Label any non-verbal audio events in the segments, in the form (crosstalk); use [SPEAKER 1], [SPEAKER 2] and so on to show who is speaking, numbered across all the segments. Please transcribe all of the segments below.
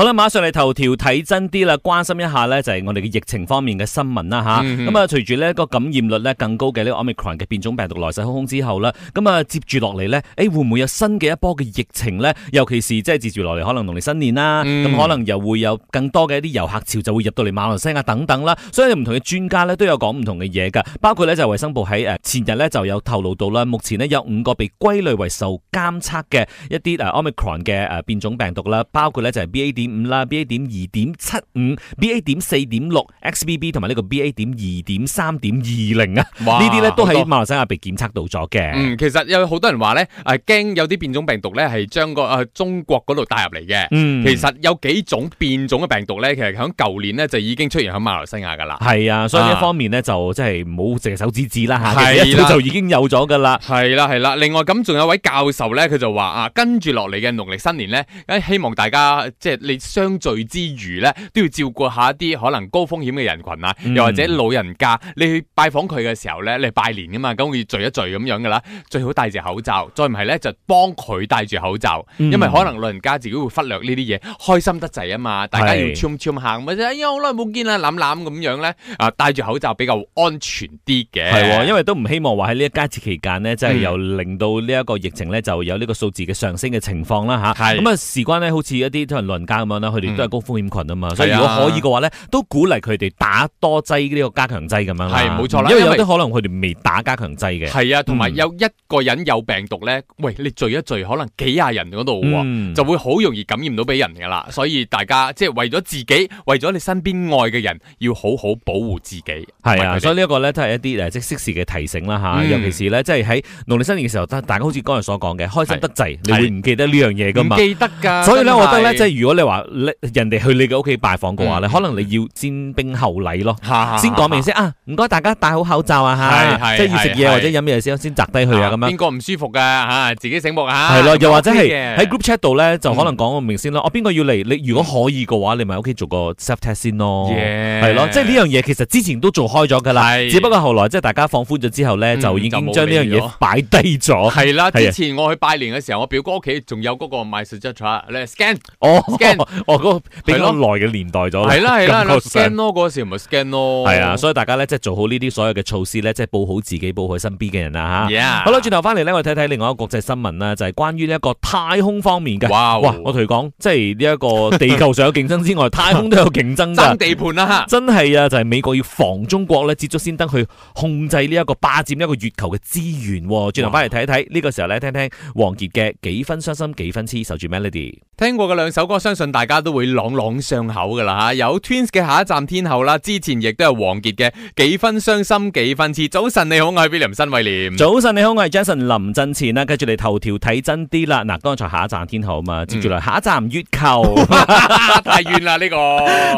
[SPEAKER 1] 好啦，馬上嚟頭條睇真啲啦，關心一下呢就係我哋嘅疫情方面嘅新聞啦吓。咁啊，隨住呢個感染率呢更高嘅呢個 Omicron 嘅變種病毒來勢洶洶之後啦，咁啊接住落嚟呢，誒、欸、會唔會有新嘅一波嘅疫情呢？尤其是即係接住落嚟可能農曆新年啦，咁、嗯、可能又會有更多嘅一啲遊客潮就會入到嚟馬來西亞等等啦。所以唔同嘅專家呢都有講唔同嘅嘢噶，包括呢就係衛生部喺誒前日呢就有透露到啦，目前呢有五個被歸類為受監測嘅一啲誒 Omicron 嘅變種病毒啦，包括呢就係五啦，B A 點二點七五，B A 點四點六，X B B 同埋呢個 B A 點二點三點二零啊，呢啲咧都喺馬來西亞被檢測到咗嘅。嗯，
[SPEAKER 2] 其實有好多人話咧，誒驚有啲變種病毒咧係將個誒中國嗰度帶入嚟嘅。嗯，其實有幾種變種嘅病毒咧，其實響舊年咧就已經出現喺馬來西亞噶啦。
[SPEAKER 1] 係啊，所以呢一方面咧就即係唔好淨係手指指啦吓，一早就已
[SPEAKER 2] 經有咗噶啦。係啦係啦，另外咁仲有位教授咧，佢就話啊，跟住落嚟嘅農曆新年咧，希望大家即係你。相聚之餘咧，都要照顧下一啲可能高風險嘅人群啊，又或者老人家，你去拜訪佢嘅時候咧，你拜年噶嘛，咁會要聚一聚咁樣噶啦，最好戴住口罩，再唔係咧就幫佢戴住口罩，因為可能老人家自己會忽略呢啲嘢，開心得滯啊嘛，大家要 chum chum 下咁啊，哎呀好耐冇見啦，諗諗咁樣咧，啊戴住口罩比較安全啲嘅。哦，係因
[SPEAKER 1] 為都唔希望話喺呢一階段期間咧，真係又令到呢一個疫情咧就有呢個數字嘅上升嘅情況啦吓，咁啊事關咧好似一啲可能老人家咁樣佢哋都係高風險群啊嘛，所以如果可以嘅話咧，都鼓勵佢哋打多劑呢個加強劑咁樣。係冇錯啦，因為有啲可能佢哋未打加強劑嘅。係啊，同埋有
[SPEAKER 2] 一個人有病毒咧，喂，你聚一聚，可能幾廿人嗰度喎，就會好容易感染到俾人㗎啦。所以大家即係為咗自己，為咗你身邊愛嘅人，要好好保護自己。
[SPEAKER 1] 係啊，所以呢一個咧都係一啲誒即適時嘅提醒啦嚇。尤其是咧，即係喺農曆新年嘅時候，大家好似剛才所講嘅，開心得滯，你會唔記得呢樣嘢㗎嘛？唔記得㗎。所以咧，我覺得咧，即係如果你話。話咧，人哋去你嘅屋企拜訪嘅話咧，可能你要先兵後禮咯，先講明先啊，唔該大家戴好口罩啊吓，即係要食嘢或者飲嘢先先摘低去啊咁樣。邊個唔舒服
[SPEAKER 2] 嘅吓，自己醒目吓。係咯，又或者係喺
[SPEAKER 1] group chat 度咧，就可能講明先咯。我，邊個要嚟？你如果可以嘅話，你咪屋企做個 self test 先咯，係咯，即係呢樣嘢其實之前都做開咗噶啦，只不過後來即係大家放寬咗之後咧，就已經將呢樣嘢擺低咗。係啦，之前
[SPEAKER 2] 我去拜年嘅時候，我表哥屋企仲有嗰個 my suggested scan 哦 scan。哦，嗰、
[SPEAKER 1] 那個、比較耐嘅年代咗，係啦係啦，scan 咯
[SPEAKER 2] 嗰時咪 scan 咯，係啊想，所以大家咧即
[SPEAKER 1] 係做好呢啲所有嘅措施咧，即係保好自己，保好身邊嘅人啦吓。Yeah. 好啦，轉頭翻嚟咧，我哋睇睇另外一個國際新聞啦，就係、是、關於呢一個太空方面嘅。Wow. 哇，我同你講，即係呢一個地球上有競爭之外， (laughs) 太空都有競爭噶，爭 (laughs) 地盤啦吓。真係啊，是就係美國要防中國咧，捷足先登去控制呢一個霸佔一個月球嘅資源。轉頭翻嚟睇一睇，呢 Wow. 個時候咧聽聽王傑嘅幾分傷心幾
[SPEAKER 2] 分痴，守住 Melody。聽過嘅兩首歌，相信大家都會朗朗上口噶啦吓。有 Twins 嘅下一站天后啦，之前亦都係王傑嘅幾分傷心幾分痴。早晨你好，我係 Bill 林新威廉。早晨你好，我係 Jason 林振前啦。繼
[SPEAKER 1] 續嚟，頭條睇真啲啦。嗱，剛才下一站天后啊嘛，接住嚟，下一站月球。
[SPEAKER 2] 嗯、 (laughs) 太遠啦呢個。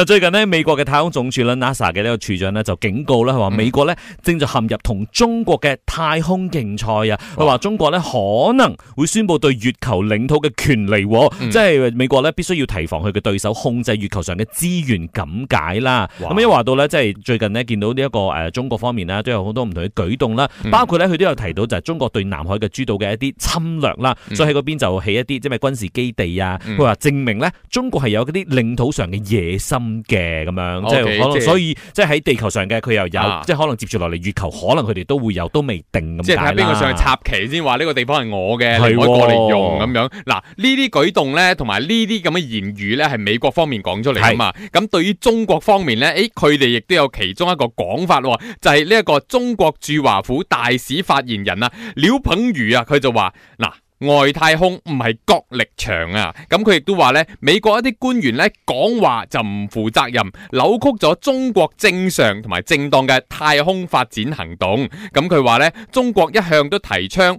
[SPEAKER 1] 嗱，最近呢，美國嘅太空總署啦 NASA 嘅呢個署長呢，就警告啦，話美國呢，正在陷入同中國嘅太空競賽啊。佢話、嗯、中國呢，可能會宣布對月球領土嘅權利，嗯即係美國咧，必須要提防佢嘅對手控制月球上嘅資源，咁解啦。咁一話到咧，即係最近呢，見到呢一個誒中國方面咧都有好多唔同嘅舉動啦，嗯、包括咧佢都有提到就係中國對南海嘅諸島嘅一啲侵略啦，嗯、所以喺嗰邊就起一啲即係軍事基地啊，佢話、嗯、證明咧中國係有嗰啲領土上嘅野心嘅，咁樣即係可能所以即係喺地球上嘅佢又有，即係、啊、可能接住落嚟，月球可能佢哋都會有，都未定咁解啦。即係睇邊個上去插
[SPEAKER 2] 旗先，話、這、呢個地方係我嘅，哦、你可以過嚟用咁樣。嗱呢啲舉動咧。同埋呢啲咁嘅言語咧，係美國方面講出嚟啊嘛。咁對於中國方面咧，誒佢哋亦都有其中一個講法喎，就係呢一個中國駐華府大使發言人啊，廖炳如啊，佢就話嗱，外太空唔係角力場啊。咁佢亦都話咧，美國一啲官員咧講話就唔負責任，扭曲咗中國正常同埋正當嘅太空發展行動。咁佢話咧，中國一向都提倡。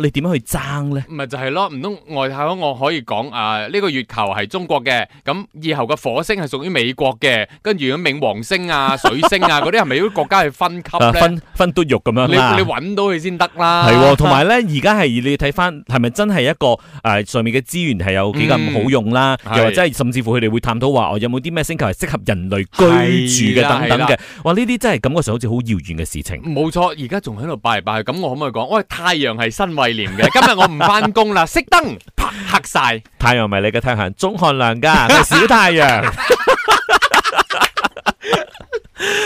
[SPEAKER 1] 你點樣去爭咧？
[SPEAKER 2] 咪就係咯，唔通外太空我可以講啊？呢個月球係中國嘅，咁以後嘅火星係屬於美國嘅，跟住如果冥王星啊、水星啊嗰啲，係咪要國家去分級咧？分
[SPEAKER 1] 分剁肉咁樣啦。你你搵
[SPEAKER 2] 到佢先得啦。係，同埋
[SPEAKER 1] 咧，而家係你睇翻，係咪真係一個誒上面嘅資源係有幾咁好用啦？又或者係甚至乎佢哋會探討話，我有冇啲咩星球係適合人類居住嘅等等嘅？哇，呢啲真係感覺上好似好遙遠嘅事情。
[SPEAKER 2] 冇錯，而家仲喺度擺嚟擺去。咁我可唔可以講？我太陽系身為 (laughs) 今日我唔返工啦，熄燈，啪，黑晒，
[SPEAKER 1] 太陽咪你嘅太陽，鍾漢良㗎。係，小太陽。 (laughs) (laughs)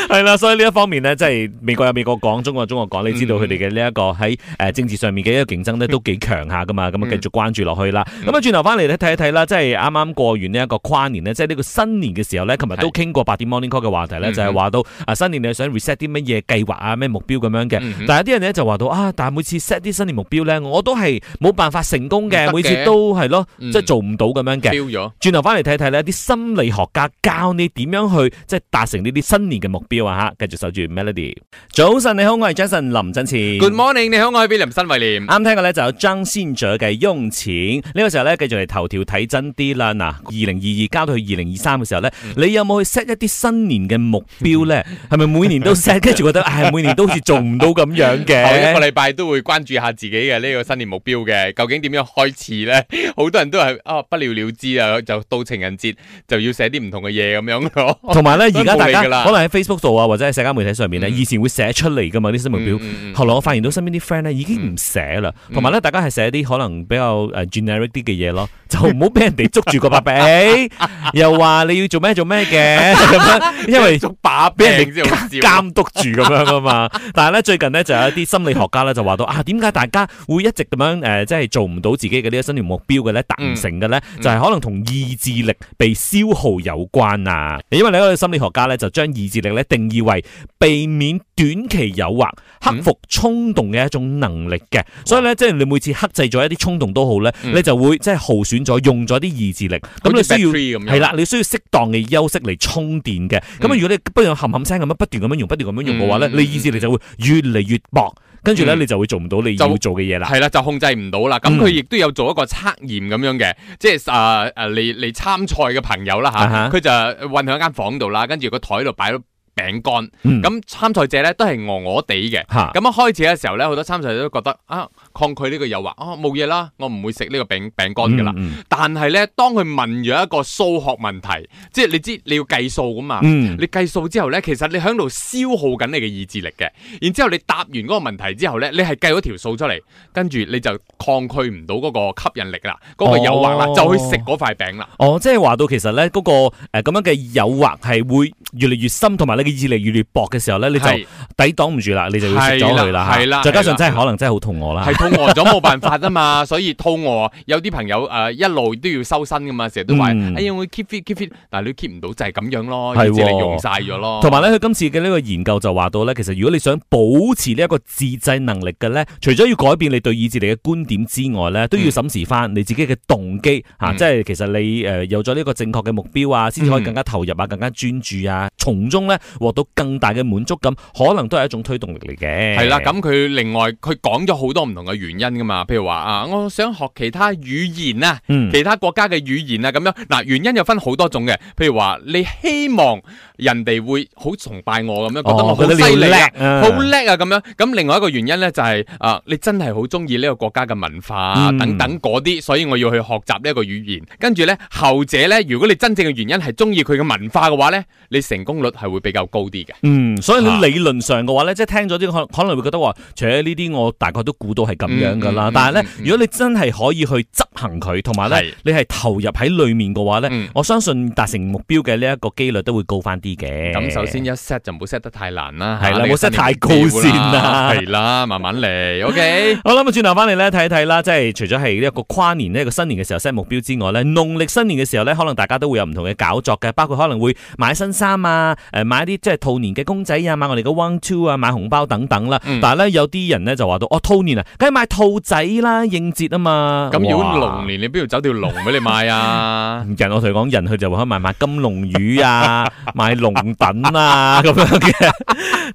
[SPEAKER 1] 係啦，所以呢一方面呢，即係美國有美國講，中國有中國講，你知道佢哋嘅呢一個喺誒政治上面嘅一個競爭呢，都幾強下噶嘛。咁啊，繼續關注落去啦。咁啊，轉頭翻嚟咧睇一睇啦，即係啱啱過完呢一個跨年呢，即係呢個新年嘅時候呢，琴日都傾過八點 Morning Call 嘅話題呢，就係話到啊新年你想 reset 啲乜嘢計劃啊，咩目標咁樣嘅。但係啲人呢，就話到啊，但係每次 set 啲新年目標呢，我都係冇辦法成功嘅，每次都係咯，即係做唔到咁樣嘅。掉咗。轉頭翻嚟睇睇呢啲心理學家教你點樣去即係達成呢啲新年。嘅目標啊嚇，繼續守住 Melody。早晨你好，我係 Jason 林振前。Good
[SPEAKER 2] morning，你好，我係林新惠廉。
[SPEAKER 1] 啱聽過咧，就有「張先鋒嘅用錢。呢、這個時候咧，繼續嚟頭條睇真啲啦。嗱，二零二二交到去二零二三嘅時候咧，嗯、你有冇去 set 一啲新年嘅目標咧？係咪、嗯、每年都 set？跟住覺得唉、哎，每年都好似做唔到咁樣嘅。一個禮
[SPEAKER 2] 拜都會關注下自己嘅呢、這個新年目標嘅，究竟點樣開始咧？好多人都係啊、哦，不了了之啊，就到情人節就要寫啲唔同嘅嘢咁樣咯。同埋咧，而家大家可能係。
[SPEAKER 1] Facebook 度啊，或者喺社交媒體上面咧，以前會寫出嚟噶嘛啲新年目標。嗯、後來我發現到身邊啲 friend 咧已經唔寫啦，同埋咧大家係寫啲可能比較誒 generic 啲嘅嘢咯，就唔好俾人哋捉住個把柄， (laughs) 又話你要做咩做咩嘅咁樣， (laughs) 因為把柄俾人哋監督住咁樣啊嘛。但係咧最近咧就有一啲心理學家咧就話到啊，點解大家會一直咁樣誒即係做唔到自己嘅呢一啲新年目標嘅咧達成嘅咧，嗯嗯、就係可能同意志力被消耗有關啊。因為嗰個心理學家咧就將意志。力定義為避免短期誘惑、克服衝動嘅一種能力嘅，所以咧即係你每次克制咗一啲衝動都好咧，你就會即係耗損咗用咗啲意志力，咁你需要係啦，你需要適當嘅休息嚟充電嘅。咁如果你不斷冚冚聲咁樣不斷咁樣用、不斷咁樣用嘅話咧，你意志力就會越嚟越薄，跟住咧你就會做唔到你要做嘅嘢啦。係
[SPEAKER 2] 啦，就控制唔到啦。咁佢亦都有做一個測驗咁樣嘅，即係誒誒嚟嚟參賽嘅朋友啦嚇，佢就韞喺一間房度啦，跟住個台度擺。餅乾，咁參賽者咧都係餓餓地嘅，咁一哈開始嘅時候咧，好多參賽者都覺得啊，抗拒呢個誘惑啊，冇嘢啦，我唔會食呢個餅餅乾㗎啦。嗯嗯、但係咧，當佢問咗一個數學問題，即係你知你要計數噶嘛？嗯、你計數之後咧，其實你喺度消耗緊你嘅意志力嘅。然之後你答完嗰個問題之後咧，你係計咗條數出嚟，跟住你就抗拒唔到嗰個吸引力啦，嗰、嗰個誘惑啦，哦、就去食嗰塊餅啦、
[SPEAKER 1] 哦。哦，即係話到其實咧，嗰、嗰個咁、呃、樣嘅誘惑係會越嚟越深，同埋你。意志力越嚟越薄嘅時候咧，你就是抵擋唔住啦，你就要食咗佢啦係啦，再加上真係可能真係好肚餓啦，係肚餓咗冇辦
[SPEAKER 2] 法啊嘛。 (laughs) 所以肚餓，有啲朋友誒、呃、一路都要收身噶嘛，成日都話、嗯、哎呀我 keep fit keep fit，但係你 keep 唔到就係咁樣咯，意志力用晒咗咯。同埋
[SPEAKER 1] 咧，佢今次嘅呢個研究就話到咧，其實如果你想保持呢一個自制能力嘅咧，除咗要改變你對意志力嘅觀點之外咧，都要審視翻你自己嘅動機吓、嗯啊，即係其實你誒有咗呢個正確嘅目標啊，先至可以更加投入啊，更加專注啊，從中咧。獲得更大嘅滿足感，可能都係一種推動力嚟嘅。係啦，咁
[SPEAKER 2] 佢另外佢講咗好多唔同嘅原因㗎嘛，譬如話啊，我想學其他語言啊，嗯、其他國家嘅語言啊，咁樣嗱、啊，原因又分好多種嘅。譬如話你希望人哋會好崇拜我咁樣，覺得我好犀利，好叻、哦、啊咁、啊啊、樣。咁另外一個原因呢，就係、是、啊，你真係好中意呢個國家嘅文化、啊嗯、等等嗰啲，所以我要去學習呢一個語言。跟住呢，後者呢，如果你真正嘅原因係中意佢嘅文化嘅話呢，你成功率係會比較。高啲嘅，
[SPEAKER 1] 嗯，所以喺理
[SPEAKER 2] 論上嘅話
[SPEAKER 1] 咧，即係聽咗啲可可能會覺得話，除咗呢啲，我大概都估到係咁樣噶啦。嗯嗯嗯嗯嗯、但係咧，如果你真係可以去執行佢，同埋咧，是你係投入喺裏面嘅話咧，嗯、我相信達成目標嘅呢一個機率都會高翻啲嘅。咁、嗯嗯嗯、首先
[SPEAKER 2] 一 set 就唔好 set 得太難啦，係啦的，唔好 set 太高先啦，係啦，慢慢嚟。 (laughs) OK，好
[SPEAKER 1] 啦，咁轉轉頭翻嚟咧睇一睇啦，即係除咗係一個跨年呢個、這個新年嘅時候 set 目標之外咧，農曆新年嘅時候咧，可能大家都會有唔同嘅搞作嘅，包括可能會買新衫啊，誒買。即係兔年嘅公仔啊，買我哋個 one two 啊，買紅包等等啦。但係咧，有啲人咧就話到，嗯、哦，兔年啊，梗係買兔仔啦，應節啊嘛。咁如果龍
[SPEAKER 2] 年，哇 你不如走條龍俾你買啊 (laughs) 人？
[SPEAKER 1] 我人我同你講，人佢就話可以買買金龍魚 (laughs) 龍啊，買龍躉啊咁樣嘅。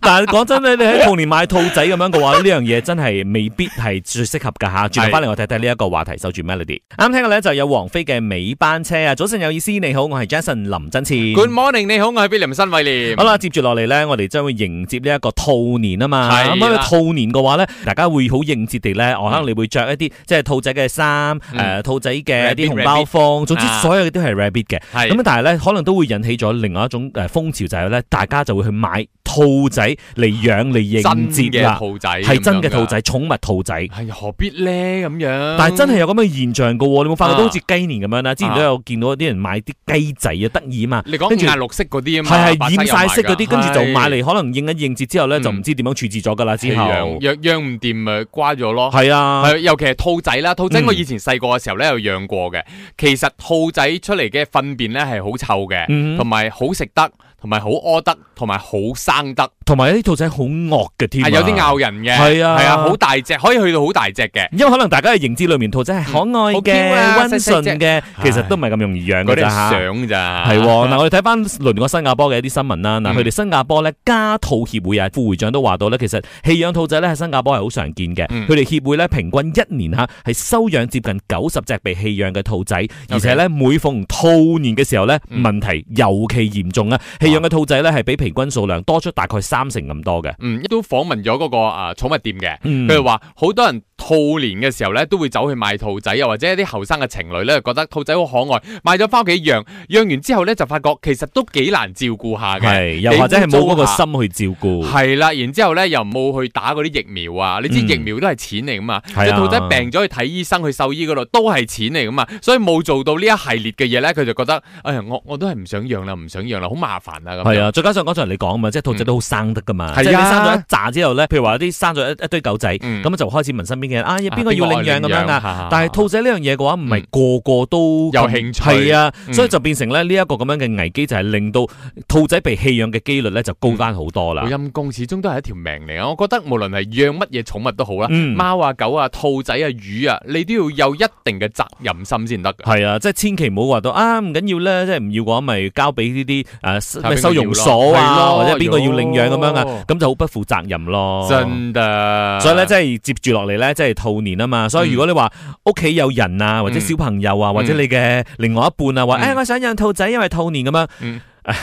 [SPEAKER 1] 但係講真，你喺兔年買兔仔咁樣嘅話，呢樣嘢真係未必係最適合噶吓。轉翻嚟我睇睇呢一個話題，守住 melody。啱的聽嘅咧就有王菲嘅尾班車啊。早晨有意思，你好，我係 Jason 林真前。Good
[SPEAKER 2] morning，你好，我係 Billy 林新偉廉
[SPEAKER 1] 啦，接住落嚟咧，我哋將會迎接呢一個兔年啊嘛。咁啊，兔年嘅話咧，大家會好應節地咧，我可能會着一啲即係兔仔嘅衫，誒兔仔嘅一啲紅包封，總之所有嘅都係 rabbit 嘅。咁但係咧，可能都會引起咗另外一種誒風潮，就係咧，大家就會去買兔仔嚟養嚟應節嘅兔仔係真嘅兔仔，寵物兔仔。係何
[SPEAKER 2] 必咧咁樣？但係真係有
[SPEAKER 1] 咁嘅現象嘅喎，你冇發覺都好似雞年咁樣啦？之前都有見到啲人買啲雞仔啊，得意啊嘛。跟住，顏色啲啊嘛，係染曬。即嗰啲跟住就買嚟，可能應緊應節之後咧，就唔知點樣處置咗噶啦。之後
[SPEAKER 2] 養唔掂咪瓜咗咯。係啊，係尤其係兔仔啦，兔仔我以前細個嘅時候咧，有養過嘅。其實兔仔出嚟嘅糞便咧係好臭嘅，同埋好食得，同埋好屙得，同埋好生得，同
[SPEAKER 1] 埋啲兔仔好惡嘅添，有啲咬人嘅，係啊，係啊，好
[SPEAKER 2] 大隻，可以去到好大隻嘅。
[SPEAKER 1] 因為可能大家嘅認知裏面，兔仔係可愛嘅、温順嘅，其實都唔係咁容易養㗎咋。嗰啲相咋係嗱，我哋睇翻輪過新加坡嘅一啲新聞啦。嗱，佢哋新加坡咧，家兔協會啊，副會長都話到咧，其實棄養兔仔咧喺新加坡係好常見嘅。佢哋、嗯、協會咧，平均一年嚇係收養接近九十隻被棄養嘅兔仔，okay，而且咧每逢兔年嘅時候咧，問題尤其嚴重啊！棄、嗯、養嘅兔仔咧係比平均數量多出大概三成咁多嘅。嗯，
[SPEAKER 2] 亦都訪問咗嗰、那個啊寵、呃、物店嘅，譬如話好多人。兔年嘅時候咧，都會走去買兔仔，又或者啲後生嘅情侶咧，覺得兔仔好可愛，買咗翻屋企養，養完之後咧就發覺其實都幾難照顧下嘅，又或者係冇嗰個心
[SPEAKER 1] 去照顧，係
[SPEAKER 2] 啦，然之後咧又冇去打嗰啲疫苗啊，嗯、你知疫苗都係錢嚟噶嘛，的即兔仔病咗去睇醫生，去獸醫嗰度都係錢嚟噶嘛，所以冇做到呢一系列嘅嘢咧，佢就覺得，哎呀，我我都係唔想養啦，唔想養啦，好麻煩啊，係啊，再
[SPEAKER 1] 加上剛才、就是嗯、你講啊，即係兔仔都好生得噶嘛，即係生咗一紮之後咧，譬如話啲生咗一堆狗仔，咁、嗯、就開始問身邊。啊！邊個要領養咁樣啊？但係兔仔呢樣嘢嘅話，唔係個個都有興趣係啊，所以就變成咧呢一個咁樣嘅
[SPEAKER 2] 危機，就係令到兔仔被棄養嘅機率咧就高返好多啦。陰公始終都係一條命嚟啊，我覺得無論係養乜嘢寵物都好啦，貓啊、狗啊、兔仔啊、魚啊，你都要有一定嘅責任心先得㗎。係啊，即係千祈唔好話到
[SPEAKER 1] 啊，唔緊要咧，即係唔要嘅話，咪交俾呢啲誒收容所啊，或者邊個要領養咁樣啊，咁就好不負責任咯。真㗎，所以咧，即係接住落嚟咧。即係兔年啊嘛，所以如果你話屋企有人啊，或者小朋友啊，嗯、或者你嘅另外一半啊，話誒、嗯哎，我想養兔仔，因為兔年咁、啊、樣，勸、嗯啊、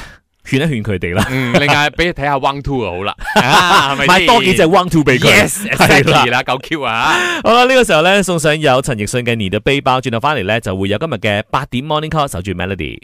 [SPEAKER 1] 一勸佢哋啦，另外俾你睇下 one two (laughs) 啊好啦，係咪買多幾隻 one two 俾佢，係 Yes,
[SPEAKER 2] exactly, 啦，夠 Q 啊，好
[SPEAKER 1] 啦，呢、這個時候咧送上有陳奕迅嘅《你的背包》轉頭呢，轉頭翻嚟咧就會有今日嘅八點 morning call，守住 melody。